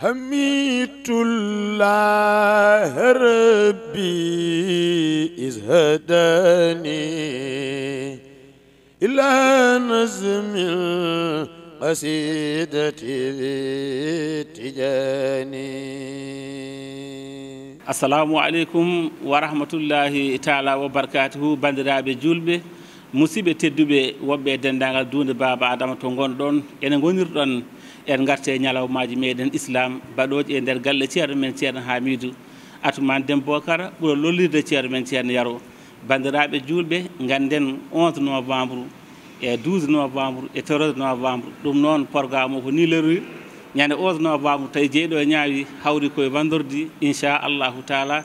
حميت الله ربي إذ هداني إلى نزم القصيدة تجاني السلام عليكم ورحمة الله تعالى وبركاته بندرابي جولبي musidɓe tedduɓe woɓɓe dendagal dunde baba adama to gonɗon ene gonirɗon en garte ñalawmaji meɗen islam baɗoji e nder galle ceerno men ceerno hamidou atumane dembocara ɓuura lollirde ceerno men ceerno yaro bandiraɓe julɓe ganden 11 novembre e 12 novembre e 13 novembre ɗum noon programme o ko ni lerori ñande 11 novembre tawi jeeyɗo e ñaawi hawri koye wandordi inchallahu taala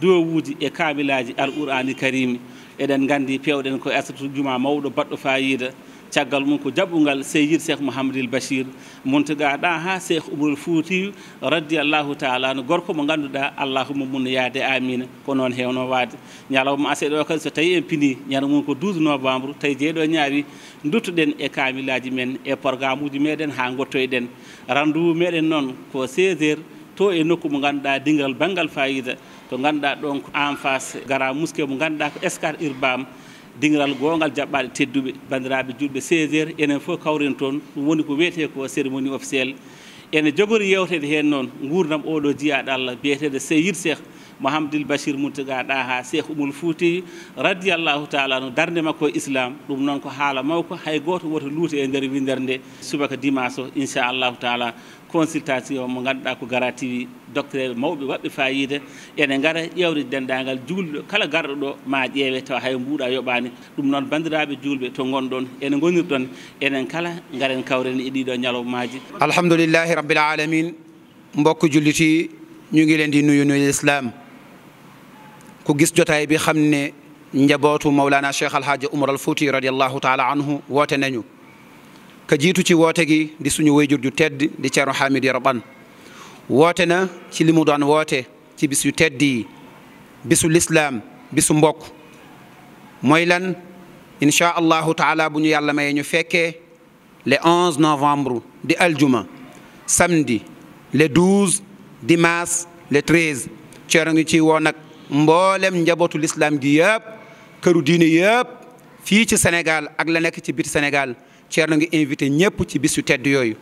dowuji e kaamilaji al qur'ani karimi eɗen gandi pewɗen ko asatu juma mawɗo baɗɗo fayida caggal mum ko jaɓɓungal seyid cheikh mouhamadil bachir montaga ɗa ha cheikh oumaril fouti radiallahu taala no gorko mo ganduɗa allahuma mum no yaade amina ko noon hewno wade ñalawma aseɗo kadi so tawi en pini ñana mum ko 12 novembre tawi jeeyɗo e ñaawi duttoɗen e kamillaji men e programme uji meɗen ha gottoyɗen randu meɗen noon ko 16 heures to e nokku mo ganduɗa dingal banggal fayida to ganduɗa ɗon ko en face gara muske mo ganduɗa ko escar urbam dingiral gongal jaɓɓaɗe tedduɓe bandiraɓe julɓe 16 heures enen fof kawren toon ɗum woni ko wiyete ko cérémonie officiel ene jogori yewtede hen noon gurdam oɗo jiyaɗo allah biyeteɗo seyir cheikh mouhamadoul bachir moutiga ɗa ha cheikh umul fouti radiallahu taala no darde makko e islam ɗum noon ko haala mawko hay goto woto luute e nder winder nde subaka dimanche o inchallahu taala consultation mo ganduɗa ko gara tiwi docteur mawɓe waɓɓe fayida ene gara ƴewde dendagal julɗo kala garɗo ɗo ma ƴeewe tawa hay mbuɗa yoɓani ɗum noon bandiraɓe julɓe to gonɗon ene gonirɗon enen kala garen kawren e ɗiɗo ñalowmaji alhamdoulillahi rabbil alamin mbokk julliti ñu ngilendi nuyu nuyu islam ku gis jotay bi xamne ne maulana cheikh al hadji Umar al Fouti radiallahu taala anhu wote nañu ka jitu ci wote gi di suñu wayjur ju tedd di cheikh Hamid rabban wote na ci limu mu doon woote ci bisu teddi bisu l'islam bisu mbok moy lan insha allah taala buñu yàlla maye ñu fekke le 11 novembre di aljuma samedi le 12 dimas le 13 ci rangi ci woo mboolem njabootu lislam gi yëpp këru diine yëpp fii ci Sénégal ak la nekk ci biir Sénégal Thierno ngi invité ñëpp ci bis yu tedd yooyu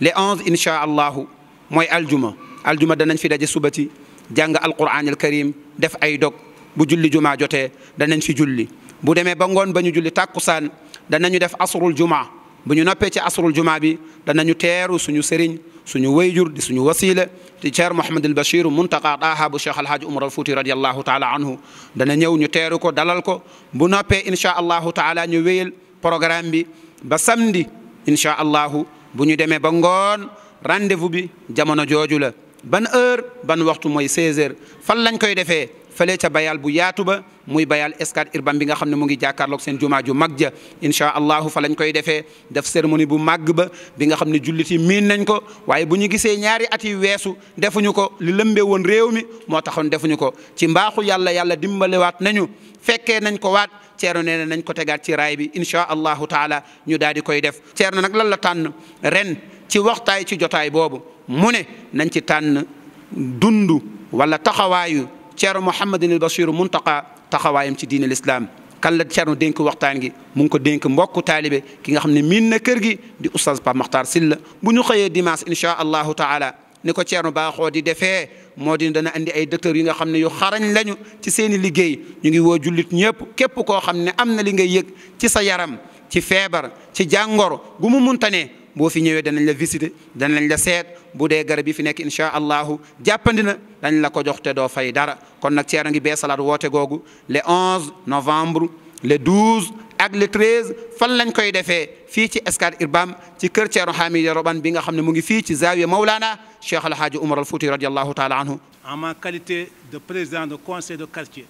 les onze incha allahu mooy aljuma aljuma danañ fi daje suba ci jàng alquran al karim def ay dog bu julli jumaa jotee danañ fi julli bu demee ba ngoon ba ñu julli takkusaan danañu def asrul jumaa buñu noppé ci asrul juma bi danañu teeru suñu sëriñ suñu wayjur di suñu wasila ci Ceer mohammed al bashir muntaqa daaha bu Cheikh Alhaaj Umar al futi radiyallahu taala anhu dana ñëw ñu teeru ko dalal ko bu noppé insha allah taala ñu wëyel programme bi ba samedi insha allah buñu démé ba ngoon rendez-vous bi jamono joju la ban heure ban waxtu moy 16 h fan lañ koy défé fële ca bayal bu yaatu ba muy bayal escad urban bi nga xamne mo ngi jakarlok sen juma ju magja insha allah fa lañ koy defé def cérémonie bu mag ba bi nga xamne ne min nañ ko waye buñu gisé ñaari ati yi defuñu ko li lembé won réew mo taxone defuñu ko ci mbaxu yàlla yàlla wat nañu fekkee nañ ko wat Ceerno nee nañ ko tegaat ci ray bi insha allah taala ñu daal di koy def Ceerno nak lan la tan ren ci waxtay ci jotay bobu mune nañ ci tan dundu wala taxawaayu. Ceerno Mouhamadinil Bachir Muntaqa taxawaayam ci diine lislaam kan la Ceerno dénk waxtaan gi mu ngi ko dénk mbokku taalibe ki nga xam ne miin na kër gi di oustaz Pape Makhtar Sylla bu ñu xëyee dimanche incha allahu taala ni ko Ceerno baaxoo di defee moo di dana andi ay docteurs yi nga xam ne yu xarañ lañu ci seen i liggéey ñu ngi woo jullit ñëpp képp koo xam ne am na li ngay yëg ci sa yaram ci feebar ci jàngoro gu mu munta boo fi ñëwee danañ la visiter danañ la seet bu dee garab yi fi nekk incha allahu jàppandi na dañ la ko jox te doo fay dara kon nag Thierno ngi beesalaat woote googu le 11 novembre le 12 ak le 13 fan lañ koy defee fi ci Scat Urbam ci kër Thierno Hamidou Roban bi nga xamné ne mu ngi fi ci Zawiya Maulana Cheikh El omar alfouti Al Fouti taala anhu. en ma qualité de président de conseil de quartier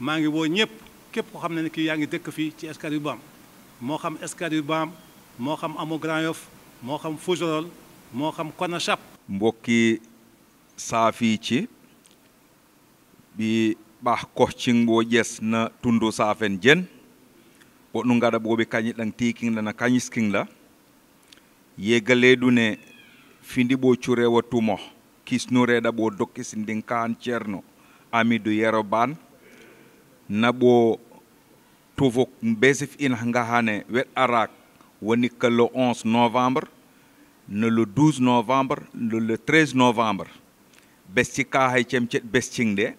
ma ngi wo ñep képp ko xamné ki kii yaa ngi dëkk fii ci Scat Urbam mo xam Scat Urbam mo xam Amo Grand Yoff mo xam Fougerolles mo xam Konachap. mbokki saafiice ɓi ɓah kohcinngo ƴes na tundo saafen jen ɓoɗɗu ngaɗa ɓooɓe kañi ɗan tikinla na kañiskinla yega leydune findiɓo curewo tumo kisnureeɗa ɓo dokkisindin kaan ceerno amidou yero ban naɓo tofo besif ina ngahane weɗ arak woni que le 11 novembre ne le 12 novembre le 13 novembre besti kaahaycem cet bestingɗe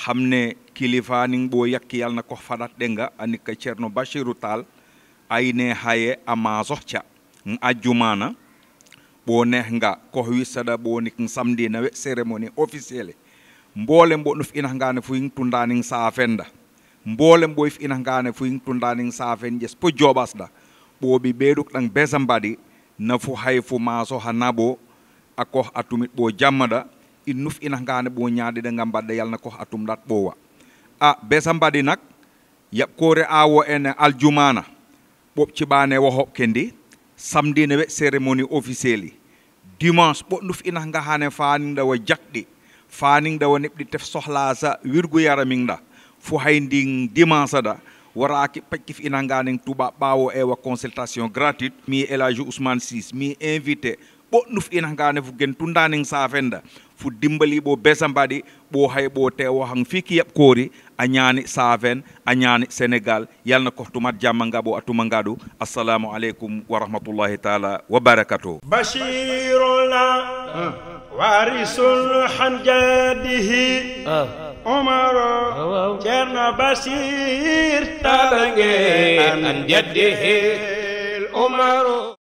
hamne kilifanin ɓo yakki yalna ko faɗat ɗenga anikka ceerno bachiru tal ayne haye ama sohca n ajjumana ɓo nehga koh wissaɗa ɓoni n samedi nawe cérémonie officiel mboole mbo no fina ngane fo yin tundanin safenda mboole mbo fina ngane fo yin tundanin safen ƴes po joɓasɗa ɓoɓi ɓeɗuk ɗan besa mbaɗi nafu hay fo maso ha nabo akoh atumit ɓo jammaɗa innuf inahkane bo nyaade de ngam badde yalna ko dat bo wa a besam badinak. nak kore awo ene aljumana wo hop kendi samedi ne we cérémonie officiel i dimanche ɓoɗnuf inah ngahane faninɗa wo faani da wo di tef sa wirgu yaraming da Mingda. hayndin dimanche da waraki pakkif ina nganen tuba e ewa consultation gratuite mi elage ousmane sis mi invité ɓoɗnuf ina ngane fu gen sa fenda fu dimbali ɓo besa mbaɗi ɓo hay ɓo tewo han fiki yaɓ koori a ñaani saven a ñaani sénégal yalna koftumat jamma nga a tuma nga ɗu assalamu aleykum taala ah. warisul han jadihi ah.